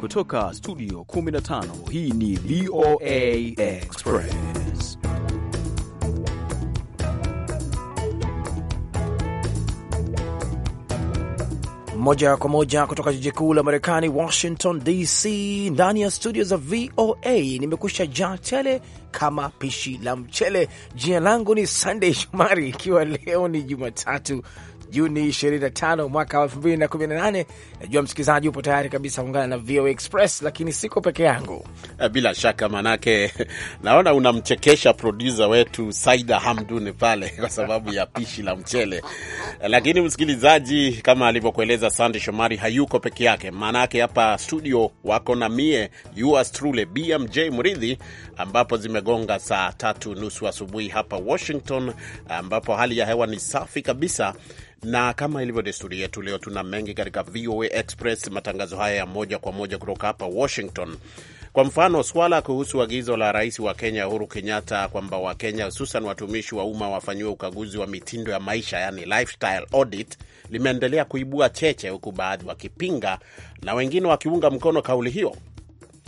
Kutoka studio 15 hii ni VOA Express. Moja kwa moja kutoka jiji kuu la Marekani, Washington DC, ndani ya studio za VOA nimekusha jaa tele kama pishi la mchele. Jina langu ni sandey Shomari, ikiwa leo ni Jumatatu Juni 25 mwaka wa 2018. Najua msikilizaji upo tayari kabisa kuungana na VOA Express, lakini siko peke yangu eh, bila shaka, manake naona unamchekesha produsa wetu Saida Hamdun pale kwa sababu ya pishi la mchele. Eh, lakini msikilizaji, kama alivyokueleza Sande Shomari, hayuko peke yake, manake hapa studio wako na mie yours truly BMJ Mridhi, ambapo zimegonga saa tatu nusu asubuhi hapa Washington, ambapo hali ya hewa ni safi kabisa na kama ilivyo desturi yetu, leo tuna mengi katika VOA Express, matangazo haya ya moja kwa moja kutoka hapa Washington. Kwa mfano swala kuhusu agizo la rais wa Kenya Uhuru Kenyatta kwamba Wakenya hususan watumishi wa umma wafanyiwe ukaguzi wa mitindo ya maisha, yani lifestyle audit, limeendelea kuibua cheche, huku baadhi wakipinga na wengine wakiunga mkono kauli hiyo.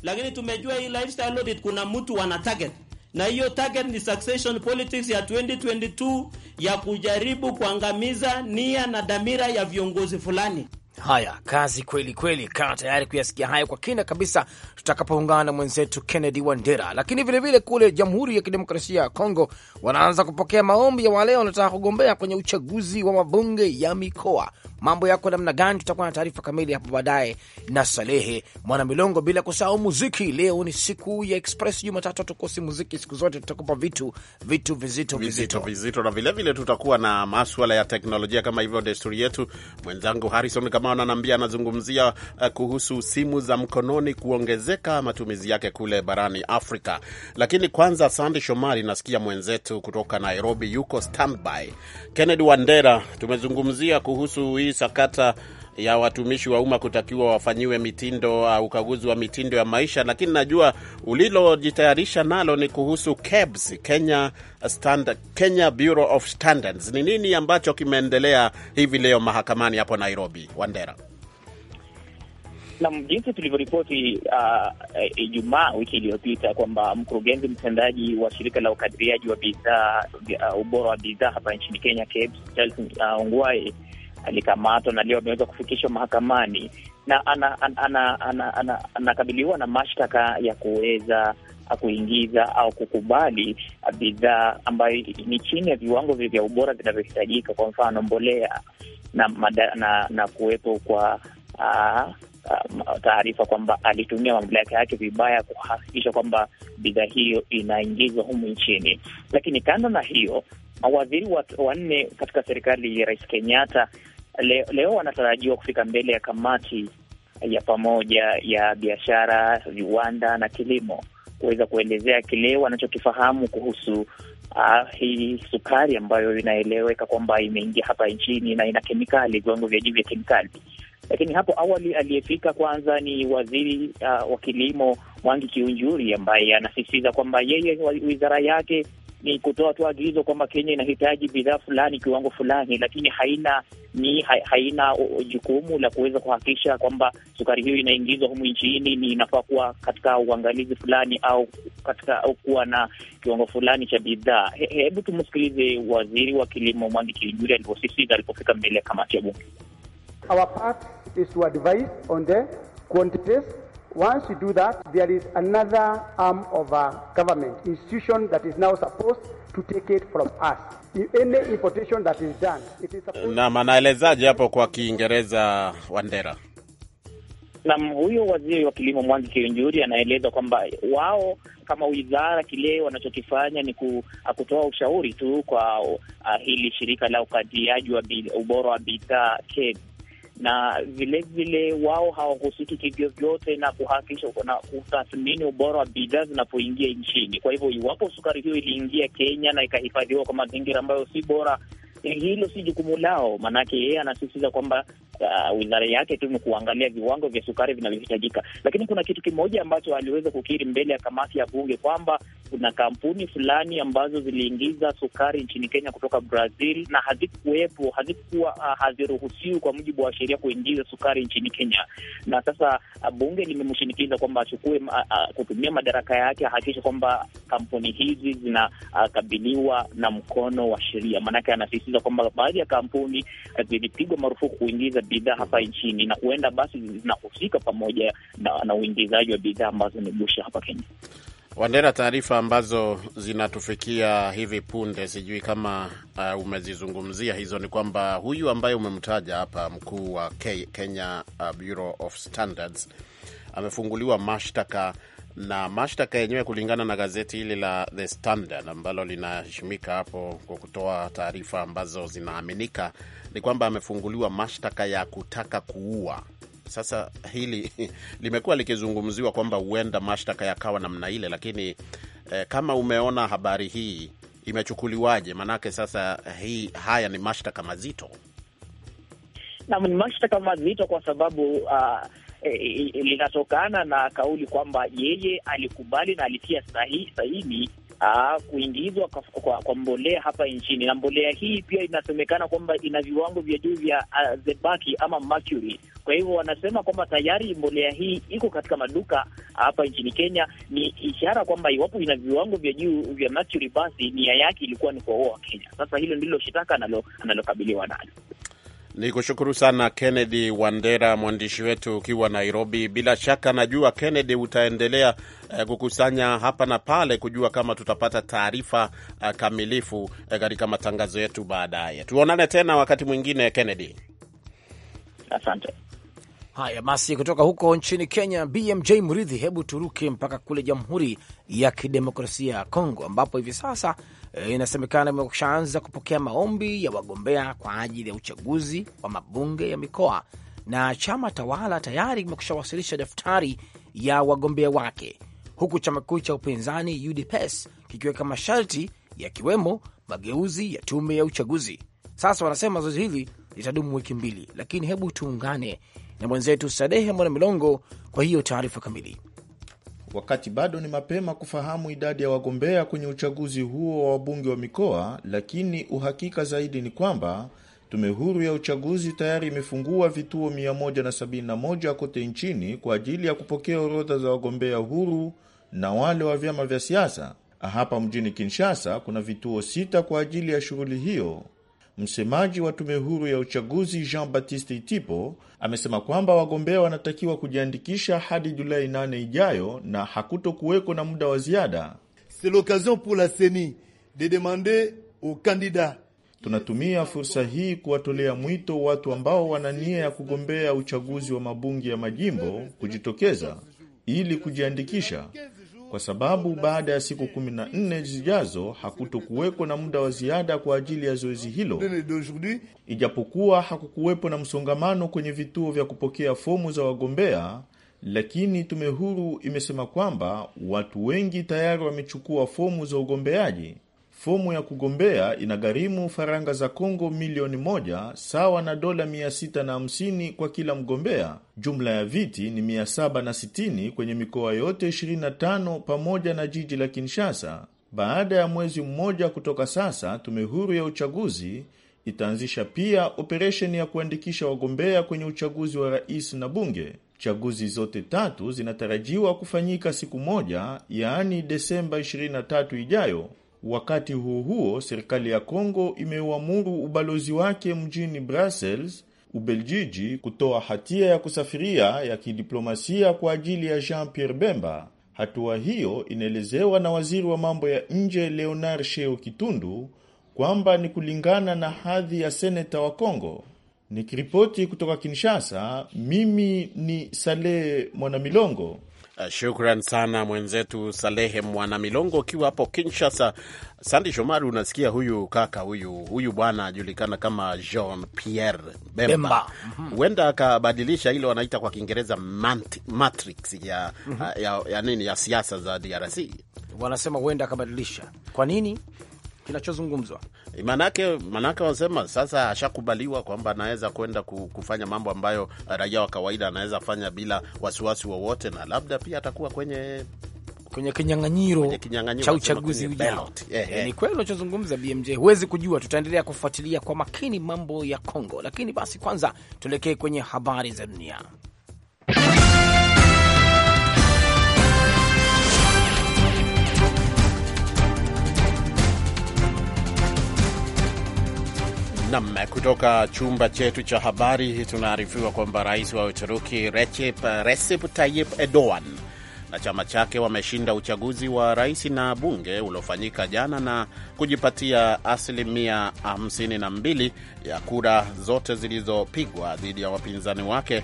Lakini tumejua hii lifestyle audit, kuna mtu wana target na hiyo target ni succession politics ya 2022 ya kujaribu kuangamiza nia na dhamira ya viongozi fulani. Haya, kazi kweli kweli. Kaa tayari kuyasikia hayo kwa kina kabisa tutakapoungana na mwenzetu Kennedy Wandera. Lakini vilevile vile kule Jamhuri ya Kidemokrasia ya Kongo wanaanza kupokea maombi ya wale wanaotaka kugombea kwenye uchaguzi wa mabunge ya mikoa mambo yako namna gani? Tutakuwa na taarifa kamili hapo baadaye na Salehe Mwana Milongo, bila kusahau muziki. Leo ni siku ya Express, Jumatatu tukosi muziki siku zote, tutakupa vitu vitu vizito vizito vizito, na vilevile tutakuwa na maswala ya teknolojia kama hivyo desturi yetu. Mwenzangu Harrison kama ananiambia, anazungumzia eh, kuhusu simu za mkononi kuongezeka matumizi yake kule barani Afrika. Lakini kwanza, Sandi Shomari, nasikia mwenzetu kutoka Nairobi yuko standby. Kennedy Wandera, tumezungumzia kuhusu hii hii sakata ya watumishi wa umma kutakiwa wafanyiwe mitindo au uh, ukaguzi wa mitindo ya maisha, lakini najua ulilojitayarisha nalo ni kuhusu KEBS, Kenya Standard, Kenya Bureau of Standards. Ni nini ambacho kimeendelea hivi leo mahakamani hapo Nairobi, Wandera? Nam, jinsi tulivyoripoti uh, eh, Ijumaa uh, wiki iliyopita kwamba mkurugenzi mtendaji wa shirika la ukadiriaji wa bidhaa uh, ubora wa bidhaa hapa nchini Kenya KEBS, Charles uh, Ongwae alikamatwa na leo ameweza kufikishwa mahakamani na anakabiliwa ana, ana, ana, ana, ana na mashtaka ya kuweza kuingiza au kukubali bidhaa ambayo ni chini ya viwango vya ubora vinavyohitajika, kwa mfano mbolea na, na, na kuwepo kwa taarifa kwamba alitumia mamlaka yake vibaya kuhakikisha kwamba bidhaa hiyo inaingizwa humu nchini. Lakini kando na hiyo, mawaziri wanne katika serikali ya Rais Kenyatta leo, leo wanatarajiwa kufika mbele ya kamati ya pamoja ya biashara, viwanda na kilimo kuweza kuelezea kile wanachokifahamu kuhusu uh, hii sukari ambayo inaeleweka kwamba imeingia hapa nchini na ina kemikali, viwango vya juu vya kemikali. Lakini hapo awali aliyefika kwanza ni waziri uh, wa kilimo Mwangi Kiunjuri ambaye anasisitiza kwamba yeye wizara yake ni kutoa tu agizo kwamba Kenya inahitaji bidhaa fulani kiwango fulani, lakini haina ni ha, haina jukumu la kuweza kuhakikisha kwamba sukari hiyo inaingizwa humu nchini, ni inafaa kuwa katika uangalizi fulani au katika au kuwa na kiwango fulani cha bidhaa. Hebu he, tumsikilize waziri wa kilimo Mwangi Kilinjuri alivyosisitiza alipofika mbele ya kamati ya bunge. Our part is to advise on the quantities Once you do that, there is another arm of a government, institution that is now supposed to take it from us. Any importation that is done, it is supposed... Na anaelezaje hapo kwa Kiingereza Wandera? Naam, huyo waziri wa kilimo Mwangi Kiunjuri anaeleza kwamba wao kama wizara kile wanachokifanya ni ah, kutoa ushauri tu kwa uh, hili shirika la ukadiaji wa ubora wa bidhaa KEBS na vilevile wao hawahusiki kivyovyote na kuhakikisha na kutathmini ubora wa bidhaa zinapoingia nchini. Kwa hivyo iwapo sukari hiyo iliingia Kenya na ikahifadhiwa kwa mazingira ambayo si bora, eh, hilo si jukumu lao. Maanake yeye anasisitiza kwamba uh, wizara yake tu ni kuangalia viwango vya sukari vinavyohitajika. Lakini kuna kitu kimoja ambacho aliweza kukiri mbele ya kamati ya bunge kwamba kuna kampuni fulani ambazo ziliingiza sukari nchini Kenya kutoka Brazil na hazikuwepo, hazikuwa uh, haziruhusiwi kwa mujibu wa sheria kuingiza sukari nchini Kenya. Na sasa uh, bunge limemshinikiza kwamba achukue uh, uh, kutumia madaraka yake ahakikishe kwamba kampuni hizi zinakabiliwa uh, na mkono wa sheria, maanake anasisitiza kwamba baadhi ya kampuni uh, zilipigwa marufuku kuingiza bidhaa hapa nchini na huenda basi zinahusika pamoja na, na uingizaji wa bidhaa ambazo ni gushi hapa Kenya. Wandera, taarifa ambazo zinatufikia hivi punde, sijui kama uh, umezizungumzia hizo, ni kwamba huyu ambaye umemtaja hapa, mkuu wa Kenya uh, Bureau of Standards amefunguliwa mashtaka na mashtaka yenyewe kulingana na gazeti hili la The Standard ambalo linaheshimika hapo kwa kutoa taarifa ambazo zinaaminika, ni kwamba amefunguliwa mashtaka ya kutaka kuua sasa hili limekuwa likizungumziwa kwamba huenda mashtaka yakawa namna ile, lakini eh, kama umeona habari hii imechukuliwaje? Maanake sasa eh, hii, haya ni mashtaka mazito. Naam, ni mashtaka mazito kwa sababu uh, linatokana na kauli kwamba yeye alikubali na alitia sahihi aa, ah, kuingizwa kwa, kwa, kwa mbolea hapa nchini, na mbolea hii pia inasemekana kwamba ina viwango vya juu vya uh, ah, zebaki ama mercury. Kwa hivyo wanasema kwamba tayari mbolea hii iko katika maduka hapa nchini Kenya. Ni ishara kwamba iwapo ina viwango vya juu vya mercury, basi nia yake ilikuwa ni kuwaua Wakenya. Sasa hilo ndilo shitaka analokabiliwa nalo. Ni kushukuru sana Kennedy Wandera, mwandishi wetu ukiwa Nairobi. Bila shaka najua Kennedy utaendelea eh, kukusanya hapa na pale kujua kama tutapata taarifa eh, kamilifu eh, katika matangazo yetu baadaye. Tuonane tena wakati mwingine Kennedy, asante. Haya basi, kutoka huko nchini Kenya, BMJ mridhi hebu turuke mpaka kule Jamhuri ya Kidemokrasia ya Kongo ambapo hivi sasa Eh, inasemekana imekushaanza kupokea maombi ya wagombea kwa ajili ya uchaguzi wa mabunge ya mikoa, na chama tawala tayari kimekushawasilisha daftari ya wagombea wake, huku chama kikuu cha upinzani UDPS kikiweka masharti yakiwemo mageuzi ya tume ya uchaguzi. Sasa wanasema zoezi hili litadumu wiki mbili, lakini hebu tuungane na mwenzetu Sadehe Mwana Milongo kwa hiyo taarifa kamili. Wakati bado ni mapema kufahamu idadi ya wagombea kwenye uchaguzi huo wa wabunge wa mikoa, lakini uhakika zaidi ni kwamba tume huru ya uchaguzi tayari imefungua vituo 171 kote nchini kwa ajili ya kupokea orodha za wagombea huru na wale wa vyama vya siasa. Hapa mjini Kinshasa kuna vituo sita kwa ajili ya shughuli hiyo. Msemaji wa tume huru ya uchaguzi Jean Baptiste Itipo amesema kwamba wagombea wanatakiwa kujiandikisha hadi Julai 8 ijayo na hakuto kuweko na muda wa ziada. C'est l'occasion pour la CENI de demander aux candidats Tunatumia fursa hii kuwatolea mwito watu ambao wana nia ya kugombea uchaguzi wa mabunge ya majimbo kujitokeza ili kujiandikisha kwa sababu baada ya siku 14 zijazo hakutokuweko na muda wa ziada kwa ajili ya zoezi hilo. Ijapokuwa hakukuwepo na msongamano kwenye vituo vya kupokea fomu za wagombea, lakini tume huru imesema kwamba watu wengi tayari wamechukua fomu za ugombeaji fomu ya kugombea inagharimu faranga za Kongo milioni moja sawa na dola 650 kwa kila mgombea. Jumla ya viti ni 760 kwenye mikoa yote 25 pamoja na jiji la Kinshasa. Baada ya mwezi mmoja kutoka sasa, tume huru ya uchaguzi itaanzisha pia operesheni ya kuandikisha wagombea kwenye uchaguzi wa rais na bunge. Chaguzi zote tatu zinatarajiwa kufanyika siku moja, yaani Desemba 23 ijayo. Wakati huo huo, serikali ya Kongo imeuamuru ubalozi wake mjini Brussels, Ubeljiji, kutoa hatia ya kusafiria ya kidiplomasia kwa ajili ya Jean Pierre Bemba. Hatua hiyo inaelezewa na waziri wa mambo ya nje Leonard Sheo Kitundu kwamba ni kulingana na hadhi ya seneta wa Kongo. Nikiripoti kutoka Kinshasa, mimi ni Saleh Mwanamilongo. Eh, shukran sana mwenzetu Salehe Mwana Milongo, ukiwa hapo Kinshasa. Sandi Shomari, unasikia huyu kaka huyu huyu bwana ajulikana kama Jean Pierre Bemba, mm-hmm. huenda akabadilisha ile wanaita kwa Kiingereza matrix ya, mm-hmm. ya, ya nini ya siasa za DRC. Wanasema huenda akabadilisha. Kwa nini? kinachozungumzwa. Eh, manake manake wanasema sasa ashakubaliwa kwamba anaweza kwenda kufanya mambo ambayo eh, raia wa kawaida anaweza fanya bila wasiwasi wowote na labda pia atakuwa kwenye kwenye kinyang'anyiro cha uchaguzi ujao. Eh, ni kweli unachozungumza BMJ, huwezi kujua. Tutaendelea kufuatilia kwa makini mambo ya Kongo, lakini basi kwanza tuelekee kwenye habari za dunia. Nam, kutoka chumba chetu cha habari tunaarifiwa kwamba rais wa Uturuki Recep, Recep Tayyip Erdogan na chama chake wameshinda uchaguzi wa rais na bunge uliofanyika jana na kujipatia asilimia 52 ya kura zote zilizopigwa dhidi ya wapinzani wake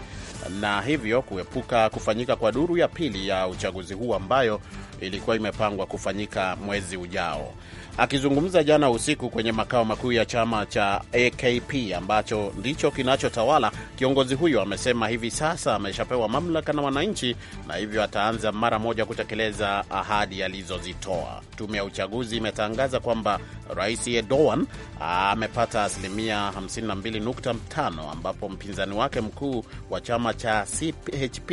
na hivyo kuepuka kufanyika kwa duru ya pili ya uchaguzi huu ambayo ilikuwa imepangwa kufanyika mwezi ujao. Akizungumza jana usiku kwenye makao makuu ya chama cha AKP ambacho ndicho kinachotawala, kiongozi huyo amesema hivi sasa ameshapewa mamlaka na wananchi na hivyo ataanza mara moja kutekeleza ahadi alizozitoa. Tume ya uchaguzi imetangaza kwamba Rais Erdogan amepata asilimia 52.5 ambapo mpinzani wake mkuu wa chama cha CHP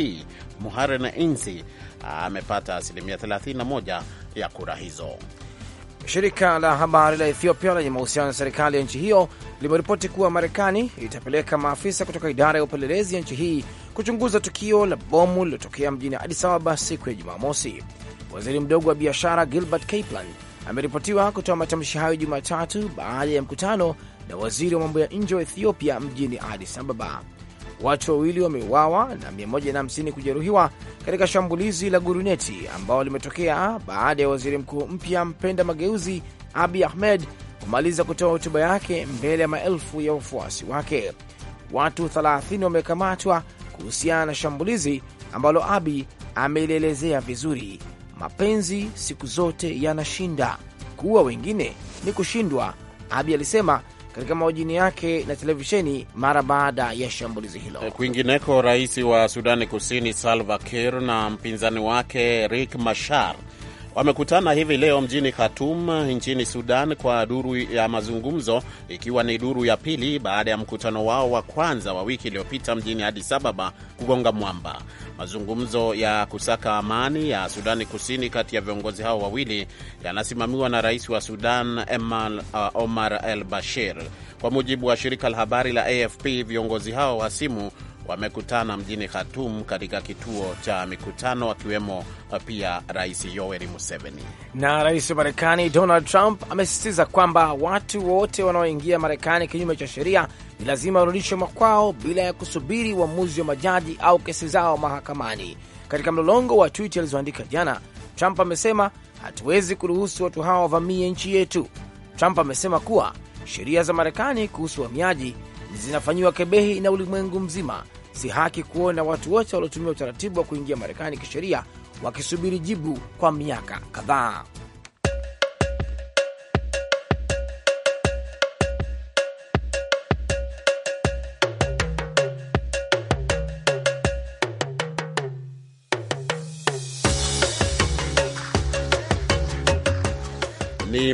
Muharrem insi amepata asilimia 31 ya kura hizo. Shirika la habari la Ethiopia lenye mahusiano na serikali ya nchi hiyo limeripoti kuwa Marekani itapeleka maafisa kutoka idara ya upelelezi ya nchi hii kuchunguza tukio la bomu lililotokea mjini Addis Ababa siku ya Jumamosi. Waziri mdogo wa biashara Gilbert Kaplan ameripotiwa kutoa matamshi hayo Jumatatu baada ya mkutano na waziri wa mambo ya nje wa Ethiopia mjini Addis Ababa watu wawili wameuawa na 150 kujeruhiwa katika shambulizi la guruneti ambao limetokea baada ya waziri mkuu mpya mpenda mageuzi Abi Ahmed kumaliza kutoa hotuba yake mbele ya maelfu ya wafuasi wake. Watu 30 wamekamatwa kuhusiana na shambulizi ambalo Abi ameilielezea vizuri. Mapenzi siku zote yanashinda, kuua wengine ni kushindwa, Abi alisema katika mahojiano yake na televisheni mara baada ya shambulizi hilo. Eh, kwingineko, rais wa Sudani Kusini Salva Kiir na mpinzani wake rik mashar wamekutana hivi leo mjini Khartoum nchini Sudan kwa duru ya mazungumzo, ikiwa ni duru ya pili baada ya mkutano wao wa kwanza wa wiki iliyopita mjini Addis Ababa kugonga mwamba. Mazungumzo ya kusaka amani ya Sudani Kusini kati ya viongozi hao wawili yanasimamiwa na rais wa Sudan Emal, uh, Omar El Bashir. Kwa mujibu wa shirika la habari la AFP, viongozi hao hasimu wamekutana mjini Khartoum katika kituo cha mikutano, akiwemo uh, pia Rais Yoweri Museveni. Na rais wa Marekani Donald Trump amesisitiza kwamba watu wote wanaoingia Marekani kinyume cha sheria ni lazima warudishwe makwao bila ya kusubiri uamuzi wa majaji au kesi zao mahakamani. Katika mlolongo wa twiti alizoandika jana, Trump amesema hatuwezi kuruhusu watu hawa wavamie nchi yetu. Trump amesema kuwa sheria za Marekani kuhusu uhamiaji zinafanyiwa kebehi na ulimwengu mzima. Si haki kuona watu wote waliotumia utaratibu wa kuingia Marekani kisheria wakisubiri jibu kwa miaka kadhaa.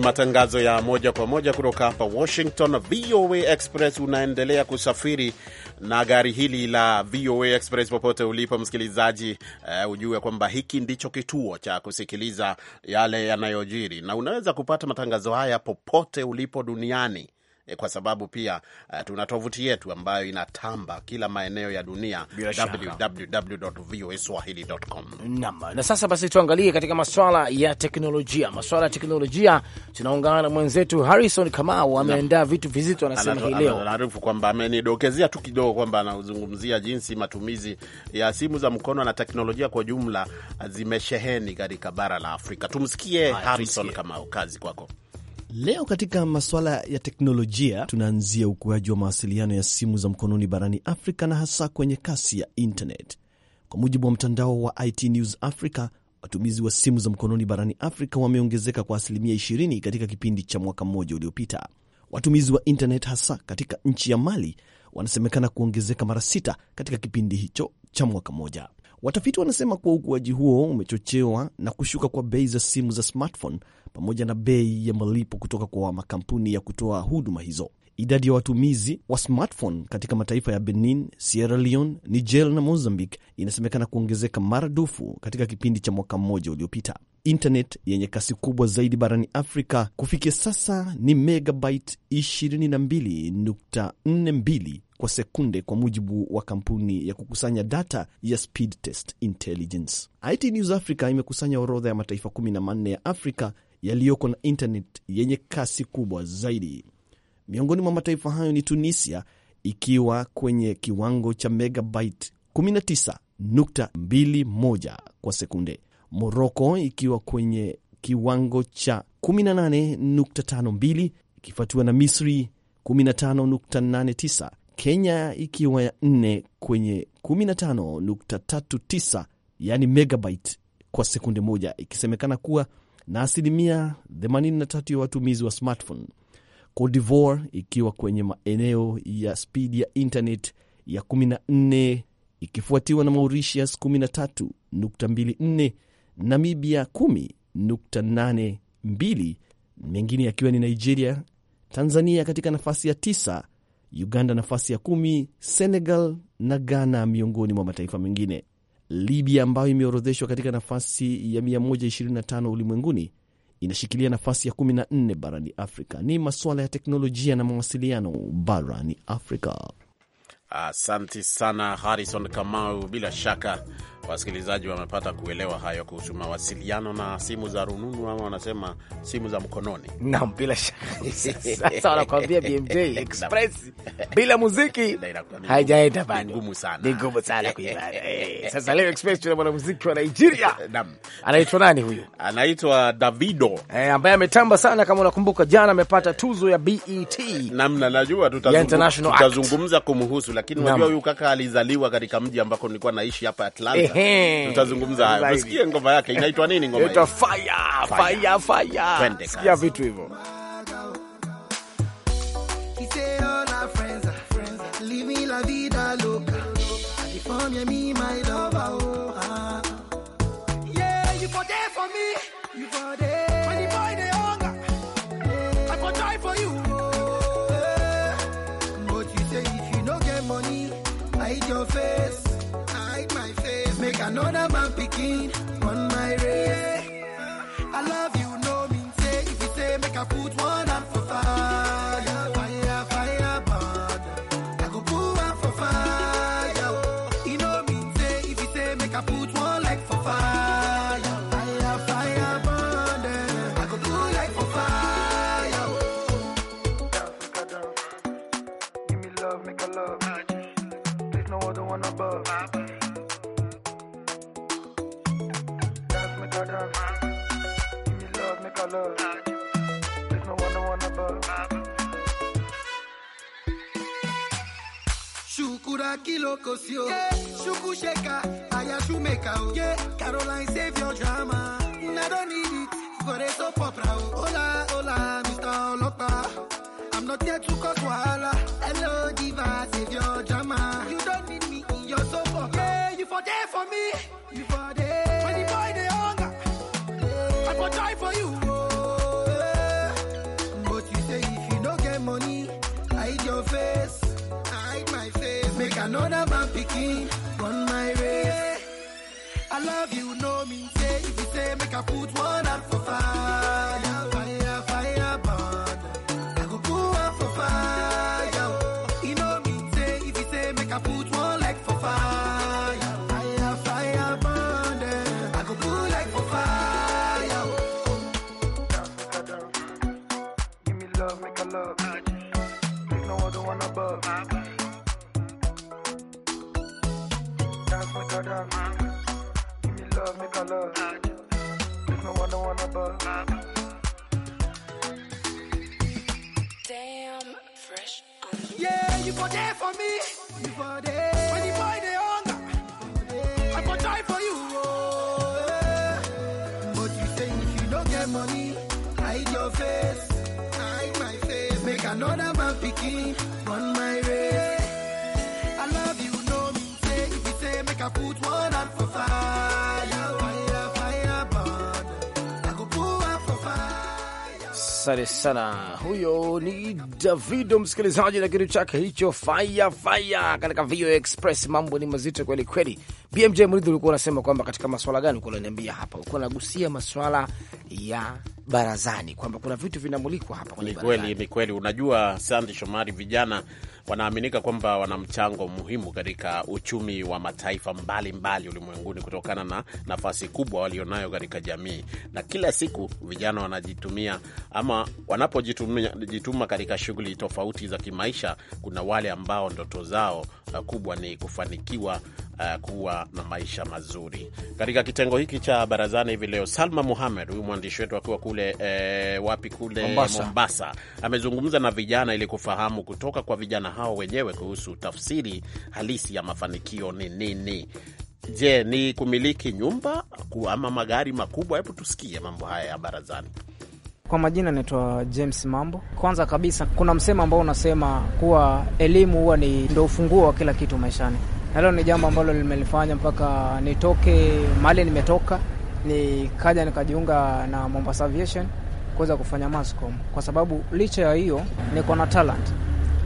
matangazo ya moja kwa moja kutoka hapa Washington. VOA Express unaendelea kusafiri na gari hili la VOA Express popote ulipo msikilizaji, uh, ujue kwamba hiki ndicho kituo cha kusikiliza yale yanayojiri, na unaweza kupata matangazo haya popote ulipo duniani eh, kwa sababu pia eh, tuna tovuti yetu ambayo inatamba kila maeneo ya dunia www.voaswahili.com. Naam, na sasa basi tuangalie katika maswala ya teknolojia. maswala ya teknolojia tunaungana na mwenzetu Harrison Kamau ameandaa vitu vizito, anasema hii leo anaarifu kwamba amenidokezea tu kidogo kwamba anazungumzia jinsi matumizi ya simu za mkono na teknolojia kwa jumla ah, zimesheheni katika bara la Afrika. Tumsikie Harrison Kamau, kazi kwako. Leo katika masuala ya teknolojia tunaanzia ukuaji wa mawasiliano ya simu za mkononi barani Afrika na hasa kwenye kasi ya internet. Kwa mujibu wa mtandao wa IT News Africa, watumizi wa simu za mkononi barani Afrika wameongezeka kwa asilimia 20 katika kipindi cha mwaka mmoja uliopita. Watumizi wa internet hasa katika nchi ya Mali wanasemekana kuongezeka mara sita katika kipindi hicho cha mwaka mmoja. Watafiti wanasema kuwa ukuaji huo umechochewa na kushuka kwa bei za simu za smartphone pamoja na bei ya malipo kutoka kwa makampuni ya kutoa huduma hizo. Idadi ya watumizi wa smartphone katika mataifa ya Benin, Sierra Leone, Niger na Mozambique inasemekana kuongezeka maradufu katika kipindi cha mwaka mmoja uliopita. Internet yenye kasi kubwa zaidi barani Afrika kufikia sasa ni megabyte 22.42 kwa sekunde kwa mujibu wa kampuni ya kukusanya data ya Speedtest Intelligence. IT News Africa imekusanya orodha ya mataifa 14 ya Afrika yaliyoko na internet yenye kasi kubwa zaidi. Miongoni mwa mataifa hayo ni Tunisia ikiwa kwenye kiwango cha megabyte 19.21 kwa sekunde, Moroko ikiwa kwenye kiwango cha 18.52 ikifuatiwa na Misri 15.89, Kenya ikiwa ya nne kwenye 15.39 yani megabyte kwa sekunde moja, ikisemekana kuwa na asilimia 83 ya watumizi wa smartphone Cote d'Ivoire ikiwa kwenye maeneo ya spidi ya internet ya 14 ikifuatiwa na Mauritius 13.24, Namibia 10.82, mengine yakiwa ni Nigeria, Tanzania katika nafasi ya tisa, Uganda nafasi ya kumi, Senegal na Ghana miongoni mwa mataifa mengine. Libya ambayo imeorodheshwa katika nafasi ya 125 ulimwenguni inashikilia nafasi ya 14 barani Afrika. Ni masuala ya teknolojia na mawasiliano barani Afrika. Asante sana Harrison Kamau, bila shaka Wasikilizaji wamepata kuelewa hayo kuhusu mawasiliano na simu za rununu, ama wanasema simu za mkononi. Naam, bila shaka. Sasa wanakuambia BMJ Express bila muziki haijaenda bado, ni ngumu sana, ni ngumu sana kuibana. Eh, sasa leo Express tuna mwanamuziki wa Nigeria. Naam, anaitwa nani huyu? Anaitwa Davido eh, ambaye ametamba sana, kama unakumbuka, jana amepata tuzo ya BET. Namna najua tutazungumza kumhusu, lakini unajua huyu kaka alizaliwa katika mji ambako nilikuwa naishi hapa Atlanta eh, tutazungumza hayo. Usikie ngoma yake inaitwa nini ngoma Inaitwa fire fire fire. Twende Sikia vitu hivyo. Kiseona friends friends, Leave me la vida loca. California, me my a man picking on my race. I love you, no mean say. If you say, make a put one my love. There's no one, no one above. Shukura kiloko sio, shukusheka, ayashumeka o. Yeah, Caroline save your drama. I don't need it for a soap opera o. Hola, hola, Mr. Olopa. I'm not here to cause wahala. Hello, diva, save your drama. You don't need me in your soap opera. Yeah, you for there for me. You for there. When the boy there. Another man picking on my way. I love you, know me. Say if you say make I put one out for five. there for me. Asante sana, huyo ni Davido msikilizaji na kitu chake hicho fire fire katika VOA Express. Mambo ni mazito kweli kweli. BMJ Mridhi, ulikuwa unasema kwamba katika maswala gani ulikuwa unaniambia hapa? Ulikuwa unagusia maswala ya barazani kwamba kuna vitu vinamulikwa hapa kwenye barazani. Ni kweli, ni kweli. Unajua, Sandi Shomari, vijana wanaaminika kwamba wana mchango muhimu katika uchumi wa mataifa mbalimbali ulimwenguni kutokana na nafasi kubwa walionayo katika jamii. Na kila siku vijana wanajitumia ama wanapojituma katika shughuli tofauti za kimaisha, kuna wale ambao ndoto zao uh, kubwa ni kufanikiwa uh, kuwa na maisha mazuri. Katika kitengo hiki cha barazani hivi leo, Salma Muhamed, huyu mwandishi wetu akiwa kule eh, wapi kule Mombasa, Mombasa, amezungumza na vijana ili kufahamu kutoka kwa vijana hao wenyewe kuhusu tafsiri halisi ya mafanikio ni nini. Je, ni kumiliki nyumba ama magari makubwa? Hebu tusikie mambo haya ya barazani. Kwa majina naitwa James Mambo. Kwanza kabisa, kuna msemo ambao unasema kuwa elimu huwa ni ndo ufunguo wa kila kitu maishani hilo ni jambo ambalo limelifanya mpaka nitoke mali nimetoka, nikaja nikajiunga na Mombasa Aviation kuweza kufanya Mascom, kwa sababu licha ya hiyo niko na talent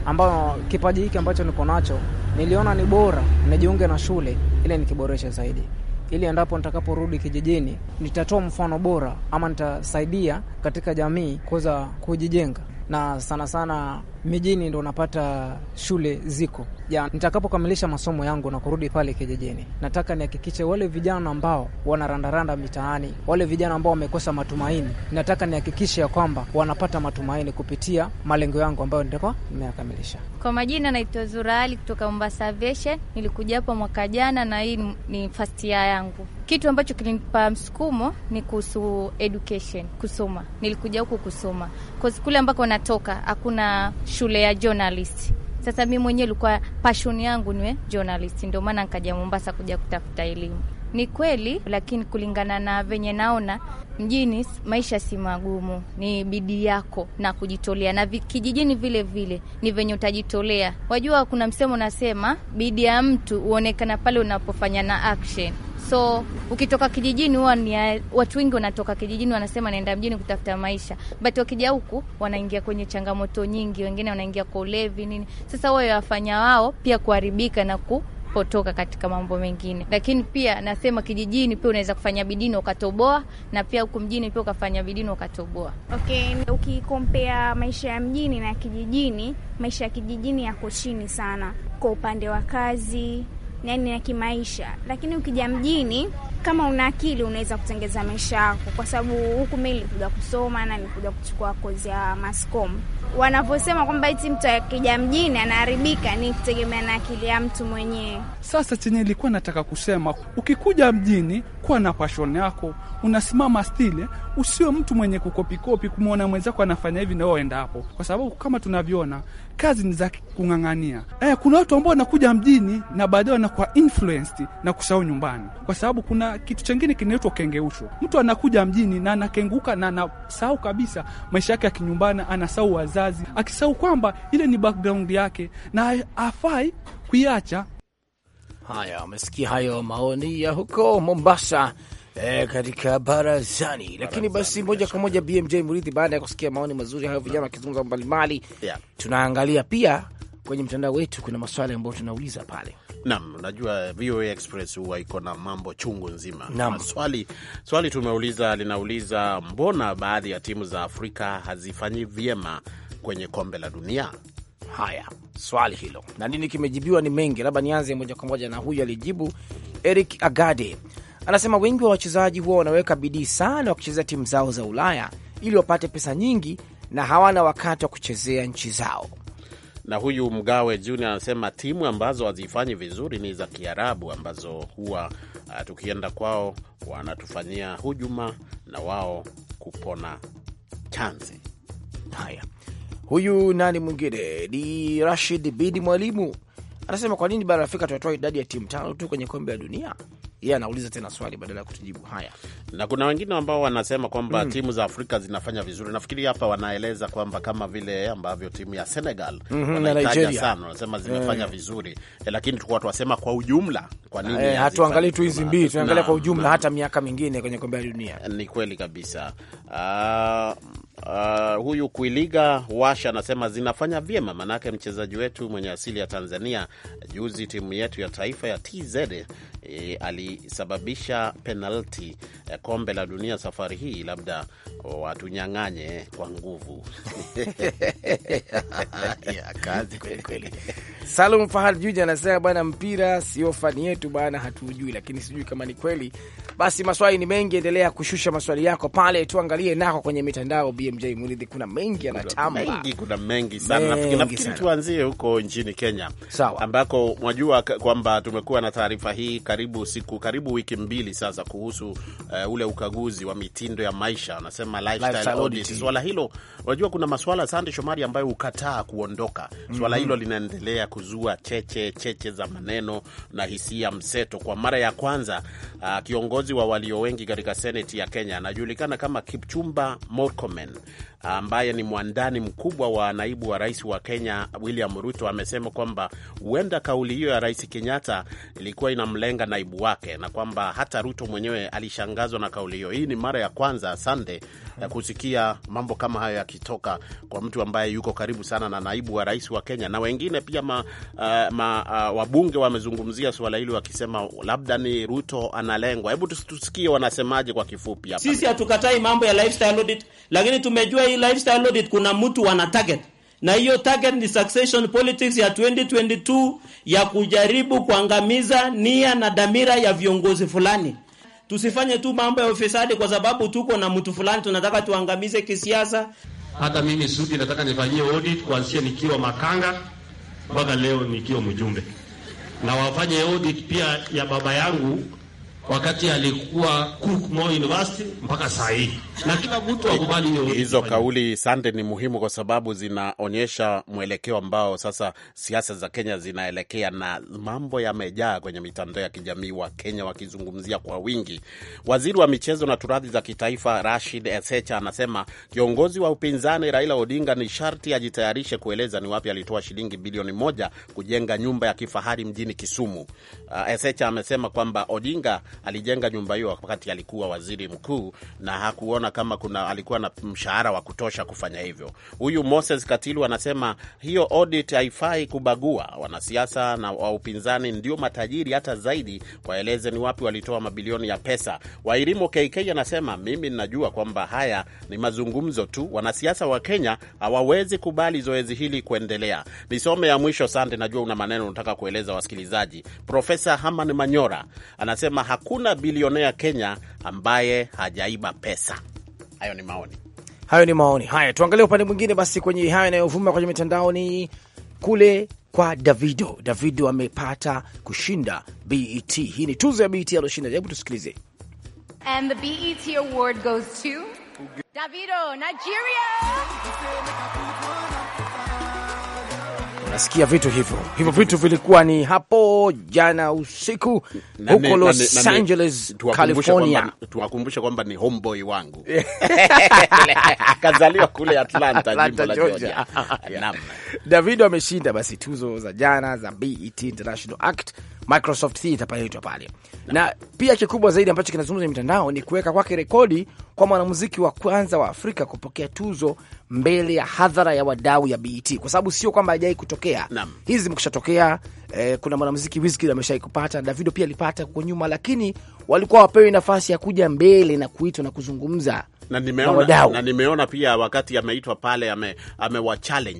ambayo kipaji hiki ambacho niko nacho niliona ni bora nijiunge na shule ili nikiboresha zaidi, ili endapo nitakaporudi kijijini nitatoa mfano bora ama nitasaidia katika jamii kuweza kujijenga, na sana sana mijini ndo unapata shule ziko ya. Nitakapokamilisha masomo yangu na kurudi pale kijijini, nataka nihakikishe wale vijana ambao wanarandaranda mitaani, wale vijana ambao wamekosa matumaini, nataka nihakikishe ya kwamba wanapata matumaini kupitia malengo yangu ambayo nitakuwa nimeyakamilisha. Kwa majina, naitwa Zurali kutoka Mombasa Aviation. Nilikuja hapa mwaka jana na hii ni first year yangu. Kitu ambacho kilinipa msukumo ni kuhusu education, kusoma. Nilikuja huku kusoma, kwa kule ambako natoka hakuna shule ya journalist. Sasa mi mwenyewe ilikuwa passion yangu niwe journalist, ndio maana nikaja Mombasa kuja kutafuta elimu. Ni kweli, lakini kulingana na venye naona mjini maisha si magumu, ni bidii yako na kujitolea, na kijijini vile vile ni venye utajitolea. Wajua, kuna msemo unasema bidii ya mtu huonekana pale unapofanya na action So ukitoka kijijini huwa ni watu wengi wanatoka kijijini, wanasema naenda mjini kutafuta maisha, but wakija huku wanaingia kwenye changamoto nyingi, wengine wanaingia kwa ulevi nini. Sasa huwa wafanya wao pia kuharibika na ku potoka katika mambo mengine, lakini pia nasema kijijini pia unaweza kufanya bidii na ukatoboa, na pia huku mjini pia ukafanya bidii na ukatoboa. Okay, ukikompea maisha ya mjini na kijijini, maisha ya kijijini yako chini sana kwa upande wa kazi yani ya kimaisha, lakini ukija mjini kama una akili unaweza kutengeza maisha yako, kwa sababu huku mi nilikuja kusoma na nilikuja kuchukua kozi ya mascom. Wanavyosema kwamba eti mtu akija mjini anaharibika ni kutegemea na akili ya mtu mwenyewe. Sasa chenye ilikuwa nataka kusema, ukikuja mjini kuwa na pashon yako, unasimama stile, usiwe mtu mwenye kukopikopi kumwona mwenzako anafanya hivi na wewe enda hapo, kwa sababu kama tunavyoona kazi ni za kung'ang'ania. Eh, kuna watu ambao wanakuja mjini na baadaye wanakuwa influenced na kusahau nyumbani, kwa sababu kuna kitu chengine kinaitwa kengeushwa. Mtu anakuja mjini na anakenguka na anasahau kabisa maisha yake ya kinyumbani, anasahau wazazi, akisahau kwamba ile ni background yake na afai kuiacha. Haya, wamesikia hayo maoni ya huko Mombasa eh, katika barazani. Lakini basi moja kwa moja BMJ Murithi, baada ya kusikia maoni mazuri hayo, vijana wakizungumza mbalimbali, yeah. tunaangalia pia kwenye mtandao wetu kuna maswali ambayo tunauliza pale. Naam, unajua VOA Express huwa iko na mambo chungu nzima. swali swali tumeuliza linauliza, mbona baadhi ya timu za Afrika hazifanyi vyema kwenye kombe la dunia? Haya, swali hilo na nini kimejibiwa, ni mengi. Labda nianze moja kwa moja na huyu alijibu Eric Agade Anasema wengi wa wachezaji huwa wanaweka bidii sana wakichezea timu zao za Ulaya ili wapate pesa nyingi na hawana wakati wa kuchezea nchi zao. Na huyu Mgawe Junior anasema timu ambazo hazifanyi vizuri ni za Kiarabu ambazo huwa uh, tukienda kwao wanatufanyia hujuma na wao kupona chanzi. Haya, huyu nani mwingine ni Rashid Bidi Mwalimu anasema kwa nini bara Afrika tunatoa idadi ya timu tano tu kwenye kombe la dunia? yeye anauliza tena swali badala ya kutujibu haya. Na kuna wengine ambao wanasema kwamba mm, timu za Afrika zinafanya vizuri. Nafikiri hapa wanaeleza kwamba kama vile ambavyo timu ya Senegal mm -hmm, sana, wanasema zimefanya eh. vizuri e, lakini tukuwa tuwasema kwa ujumla, kwa nini eh, hatuangalii tu hizi mbili, tunaangalia kwa ujumla na, hata miaka mingine kwenye kombe la dunia. Ni kweli kabisa uh, Uh, huyu Kuiliga Washa anasema zinafanya vyema, maanake mchezaji wetu mwenye asili ya Tanzania, juzi timu yetu ya taifa ya TZ e, alisababisha penalti e, kombe la dunia safari hii, labda watunyang'anye kwa nguvu kazi kwelikweli Salum Fahad Juja anasema bwana, mpira sio fani yetu bwana, hatujui, lakini sijui kama ni kweli. Basi maswali ni mengi, endelea kushusha maswali yako pale, tuangalie nako kwenye mitandao. BMJ Muridhi, kuna mengi anatamba, mengi, kuna mengi sana. Nafikiri tuanzie huko nchini Kenya sawa, ambako mwajua kwamba tumekuwa na taarifa hii karibu siku karibu wiki mbili sasa kuhusu uh, ule ukaguzi wa mitindo ya maisha, anasema lifestyle audit. Swala hilo unajua kuna maswala Sande Shomari ambayo ukataa kuondoka swala mm -hmm. hilo linaendelea kuzua cheche cheche za maneno na hisia mseto. Kwa mara ya kwanza uh, kiongozi wa walio wengi katika seneti ya Kenya anajulikana kama Kipchumba Murkomen ambaye ni mwandani mkubwa wa naibu wa rais wa Kenya William Ruto amesema kwamba huenda kauli hiyo ya rais Kenyatta ilikuwa inamlenga naibu wake na kwamba hata Ruto mwenyewe alishangazwa na kauli hiyo. Hii ni mara ya kwanza Sande ya kusikia mambo kama hayo yakitoka kwa mtu ambaye yuko karibu sana na naibu wa rais wa Kenya, na wengine pia ma, uh, ma, uh, wabunge wamezungumzia suala hili wakisema labda ni Ruto analengwa. Hebu tusikie wanasemaje kwa kifupi hapa. Sisi hatukatai mambo ya lifestyle audit, lakini tumejua hii hii lifestyle audit kuna mtu wana target na hiyo target ni succession politics ya 2022 ya kujaribu kuangamiza nia na dhamira ya viongozi fulani. Tusifanye tu mambo ya ufisadi kwa sababu tuko na mtu fulani tunataka tuangamize kisiasa. Hata mimi Sudi nataka nifanyie audit kuanzia nikiwa makanga mpaka leo nikiwa mjumbe, na wafanye audit pia ya baba yangu wakati alikuwa Cook Moi University mpaka saa hii na kila mtu akubali hiyo. Hizo kauli sande, ni muhimu kwa sababu zinaonyesha mwelekeo ambao sasa siasa za Kenya zinaelekea, na mambo yamejaa kwenye mitandao ya kijamii, Wakenya wakizungumzia kwa wingi. Waziri wa michezo na turathi za kitaifa Rashid Esecha anasema kiongozi wa upinzani Raila Odinga ni sharti ajitayarishe kueleza ni wapi alitoa shilingi bilioni moja kujenga nyumba ya kifahari mjini Kisumu. Uh, Esecha amesema kwamba Odinga alijenga nyumba hiyo wakati alikuwa waziri mkuu na hakuona kuona kama kuna alikuwa na mshahara wa kutosha kufanya hivyo. Huyu Moses Katilu anasema hiyo audit haifai kubagua wanasiasa na wa upinzani, ndio matajiri hata zaidi, waeleze ni wapi walitoa mabilioni ya pesa. Wairimo KK anasema mimi ninajua kwamba haya ni mazungumzo tu, wanasiasa wa Kenya hawawezi kubali zoezi hili kuendelea. Nisome ya mwisho, Sande, najua una maneno unataka kueleza wasikilizaji. Profesa Haman Manyora anasema hakuna bilionea Kenya ambaye hajaiba pesa. Hayo ni maoni, hayo ni maoni. Haya, tuangalie upande mwingine basi, kwenye hayo yanayovuma kwenye mitandao ni kule kwa Davido. Davido amepata kushinda BET. Hii ni tuzo ya BET aliyoshinda. Hebu tusikilize. And the BET award goes to Davido, Nigeria nasikia vitu hivyo hivyo vitu vilikuwa ni hapo jana usiku huko Los Angeles California. Tuwakumbushe kwamba ni homeboy wangu akazaliwa kule Atlanta, Atlanta Georgia. Davido ameshinda basi tuzo za jana za BET International Act Microsoft Theater pale inaitwa pale Na pia kikubwa zaidi ambacho kinazungumza mitandao ni kuweka kwake rekodi kwa mwanamuziki wa kwanza wa Afrika kupokea tuzo mbele ya hadhara ya wadau ya BET, kwa sababu sio kwamba hajai kutokea hii Hizi zimekushatokea eh, kuna mwanamuziki Wizkid ameshai kupata, Davido pia alipata huko nyuma, lakini walikuwa wapewi nafasi ya kuja mbele na kuitwa na kuzungumza na nimeona, na nimeona pia wakati ameitwa pale ame,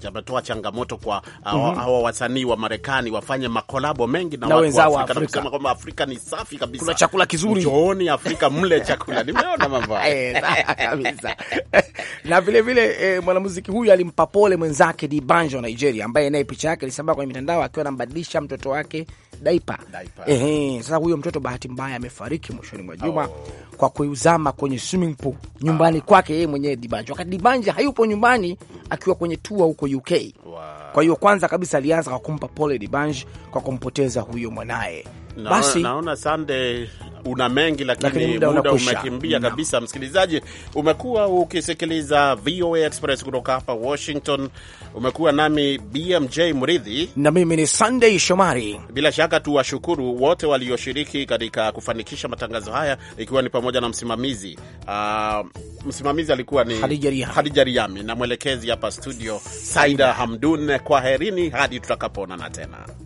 ametoa changamoto kwa uh, mhm. hawa mm -hmm. wasanii wa Marekani wafanye makolabo mengi na, na wenzao wa Afrika, kusema kwamba Afrika ni safi kabisa, kuna chakula kizuri, njooni Afrika mle chakula. Nimeona mambo eh, kabisa na vile vile eh, mwanamuziki huyu alimpa pole mwenzake Dibanjo wa Nigeria ambaye naye picha yake ilisambaa kwenye mitandao akiwa anambadilisha mtoto wake daipa, Ehe, sasa huyo mtoto bahati mbaya amefariki mwishoni mwa juma oh, kwa kuuzama kwenye swimming pool nyumbani ah, kwake yeye mwenyewe Dibanja, wakati Dibanja hayupo nyumbani akiwa kwenye tua huko UK wow. Kwa hiyo kwanza kabisa alianza kwa kumpa pole Dibanja kwa kumpoteza huyo mwanaye basi naona Sande una mengi lakini, lakini muda, muda umekimbia Kabisa msikilizaji, umekuwa ukisikiliza VOA Express kutoka hapa Washington. Umekuwa nami BMJ Mridhi na mimi ni Sunday Shomari. Bila shaka tuwashukuru wote walioshiriki katika kufanikisha matangazo haya, ikiwa ni pamoja na msimamizi uh, msimamizi alikuwa ni Hadija Riami na mwelekezi hapa studio Saida Hamdun. Kwaherini hadi tutakapoonana tena.